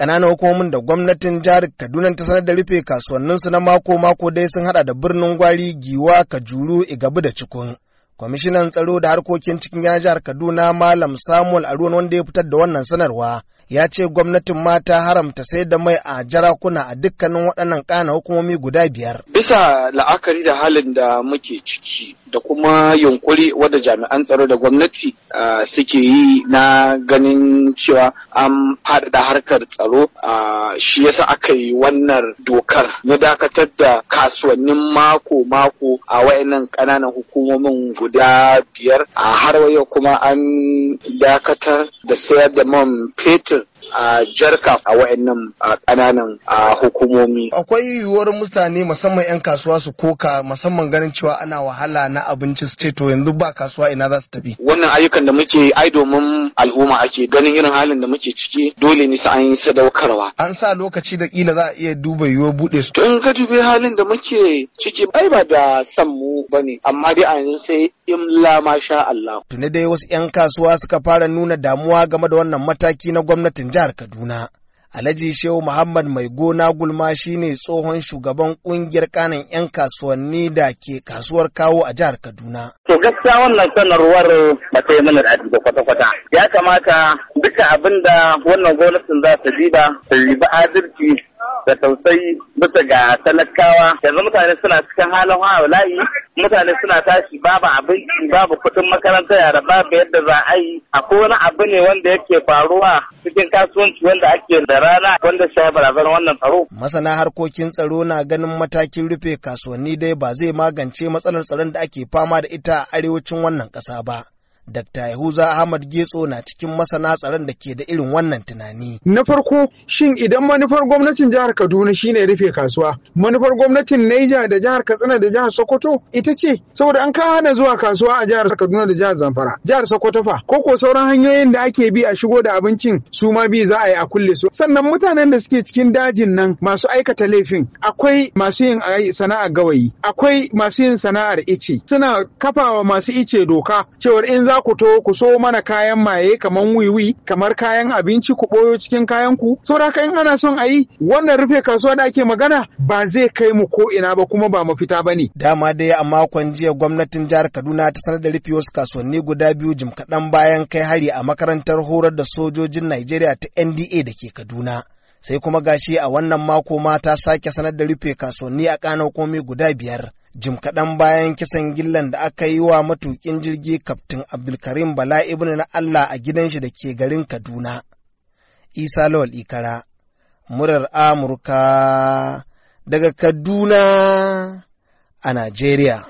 Kananan hukumomin da gwamnatin jihar kaduna ta sanar da rufe kasuwanninsu na mako-mako dai sun hada da birnin gwari giwa kajuru igabu da cikun kwamishinan tsaro da harkokin cikin gidan jihar kaduna malam samuel aruwan wanda ya fitar da wannan sanarwa ya ce gwamnatin mata haramta sai da mai a jarakuna a dukkanin waɗannan ƙana hukumomi guda biyar. Bisa la'akari da halin da muke ciki da kuma yunkuri wadda jami'an tsaro da gwamnati suke yi na ganin cewa an faɗaɗa harkar tsaro shi yasa aka yi wannan dokar na dakatar da kasuwannin mako-mako a wayannan ƙananan hukumomin guda biyar a har yau kuma an dakatar da sayar da man fetur A jarka a wa'annan ƙananan hukumomi. Akwai yiwuwar mutane musamman 'yan kasuwa su koka musamman ganin cewa ana wahala na abinci su ce to yanzu ba kasuwa ina za su tafi. Wannan ayyukan da muke ai domin al'umma ake ganin irin halin da muke ciki dole ne an yi sadaukarwa. An sa lokaci da kila za a iya duba yiwuwar buɗe su. To in ka dubi halin da muke ciki ai ba da san mu bane amma dai a yanzu sai in la masha Allah. Tuni dai wasu 'yan kasuwa suka fara nuna damuwa game da wannan mataki na gwamnatin jihar jihar Kaduna. Alhaji Shehu Muhammad Mai Gona Gulma shi ne tsohon shugaban ƙungiyar kanan 'yan kasuwanni da ke kasuwar kawo a jihar Kaduna. To gaskiya wannan sanarwar ba mana da ajiye kwata-kwata. Ya kamata duka abin da wannan gwamnatin za ta diba, ta riba adalci da tausayi bisa ga talakawa yanzu mutane suna cikin halin layi mutane suna tashi babu abinci babu kuɗin makaranta yara babu yadda za a yi akwai wani abu ne wanda yake faruwa cikin kasuwanci wanda ake da rana wanda shi barazanar wannan tsaro. Masana harkokin tsaro na ganin matakin rufe kasuwanni dai ba zai magance matsalar tsaron da ake fama da ita a arewacin wannan ƙasa ba. Dr. Yahuza Ahmad Getso na cikin masana tsaron da ke da irin wannan tunani. Na farko, shin idan manufar gwamnatin jihar Kaduna shine rufe kasuwa, manufar gwamnatin Niger da jihar Katsina da jihar Sokoto ita ce saboda an ka hana zuwa kasuwa a jihar Kaduna da jihar Zamfara, jihar Sokoto fa, ko ko sauran hanyoyin da ake bi a shigo da abincin su ma bi za a yi a kulle su. Sannan mutanen da suke cikin dajin nan masu aikata laifin akwai masu yin sana'a gawayi, akwai masu yin sana'ar ice, suna kafawa masu ice doka cewar in za ku to ku so mana kayan maye kamar wiwi kamar kayan abinci ku ɓoyo cikin kayan ku saboda haka in ana son ayi wannan rufe kasuwa da ake magana ba zai kai mu ko ina ba kuma ba mafita ba ne. Dama dai a makon jiya gwamnatin jihar Kaduna ta sanar da rufe wasu kasuwanni guda biyu jim kaɗan bayan kai hari a makarantar horar da sojojin Najeriya ta NDA da ke Kaduna. sai kuma gashi a wannan mako ma ta sake sanar da rufe kasuwanni a kanan komi guda biyar jim kaɗan bayan kisan gillan da aka yi wa matukin jirgi kaftin abdulkarim bala ibn na allah a gidan shi da ke garin kaduna isa lawal ikara murar amurka daga kaduna a najeriya